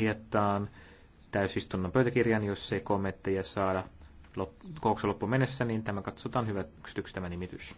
kirjataan täysistunnon pöytäkirjan, jos ei kommentteja saada kokouksen loppuun mennessä, niin tämä katsotaan hyväksytyksi tämä nimitys.